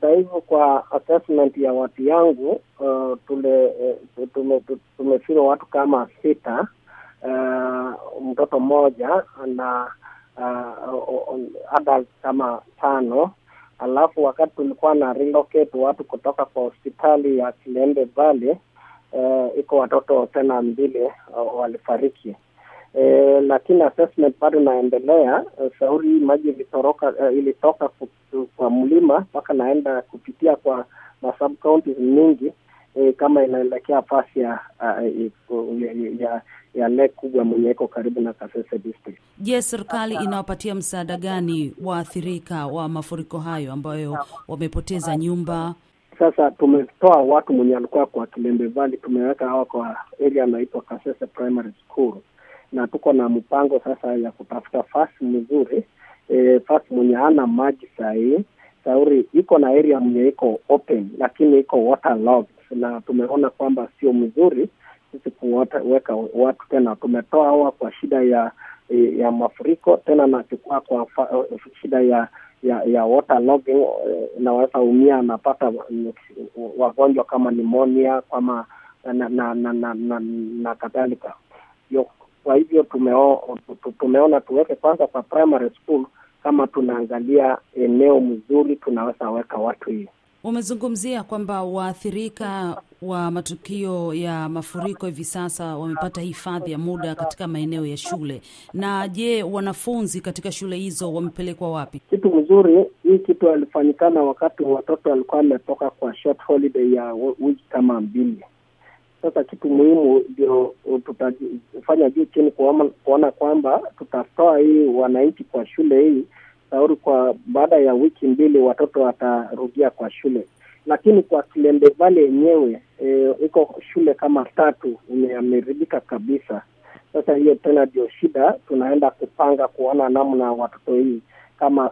Hata hivyo, kwa assessment ya watu yangu uh, uh tume, tumefira watu kama sita uh, mtoto mmoja na uh, adult kama tano alafu wakati tulikuwa na relocate watu kutoka kwa hospitali ya kilembe Valley uh, iko watoto tena mbili uh, walifariki. E, lakini assessment bado inaendelea. Eh, shauri hii maji ilitoroka, uh, ilitoka kwa mlima mpaka naenda kupitia kwa masub counties mingi e, kama inaelekea fasi ya, uh, ya, ya, ya lake kubwa mwenye iko karibu na Kasese district. Je, yes, serikali inawapatia msaada gani waathirika wa mafuriko hayo ambayo wamepoteza nyumba? Sasa tumetoa watu mwenye alikuwa kwa Kilembe Valley, tumeweka hawa kwa area anaitwa Kasese Primary School na tuko na mpango sasa ya kutafuta fasi mzuri e, eh, fasi mwenye ana maji sahii sauri iko na area mwenye iko open lakini iko waterlogged, na tumeona kwamba sio mzuri sisi kuweka watu tena. Tumetoa hawa kwa shida ya ya mafuriko tena, nachukua kwa fa, shida ya ya ya waterlogging, eh, naweza umia, napata wagonjwa kama pneumonia kama na na na, na, na, na kadhalika. Yo, kwa hivyo tumeo, tumeona tuweke kwanza kwa primary school, kama tunaangalia eneo mzuri tunaweza weka watu hiyo. Umezungumzia kwamba waathirika wa matukio ya mafuriko hivi sasa wamepata hifadhi ya muda katika maeneo ya shule. Na je, wanafunzi katika shule hizo wamepelekwa wapi? Kitu mzuri hii kitu alifanyikana wakati watoto walikuwa wametoka kwa short holiday ya wiki kama mbili sasa kitu muhimu ndio tutafanya juu chini kuona kwamba tutatoa hii wananchi kwa shule hii sauri, kwa baada ya wiki mbili watoto watarudia kwa shule. Lakini kwa Kilembe Valley yenyewe e, iko shule kama tatu yameharibika kabisa. Sasa hiyo tena ndio shida, tunaenda kupanga kuona namna watoto hii kama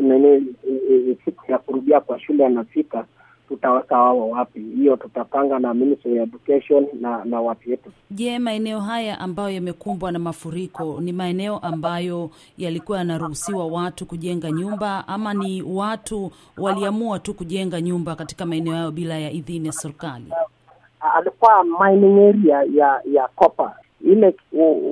nini, eh, eh, siku ya kurudia kwa shule anafika tutaweka wao wapi, hiyo tutapanga na Ministry Education na na watu wetu. Je, maeneo haya ambayo yamekumbwa na mafuriko ni maeneo ambayo yalikuwa yanaruhusiwa watu kujenga nyumba ama ni watu waliamua tu kujenga nyumba katika maeneo hayo bila ya idhini ya serikali? Alikuwa mining area ya ya copper ile.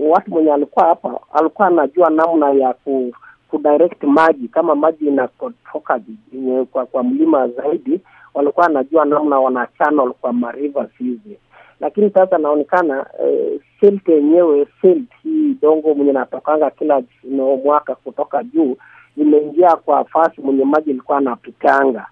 Watu mwenye alikuwa hapa alikuwa anajua namna ya ku, ku direct maji kama maji inatoka eh, kwa, kwa mlima zaidi walikuwa wanajua namna wana channel kwa mariva hizi, lakini sasa naonekana e, eh, silt yenyewe silt hii dongo mwenye natokanga kila mwaka kutoka juu imeingia kwa fasi mwenye maji ilikuwa anapitanga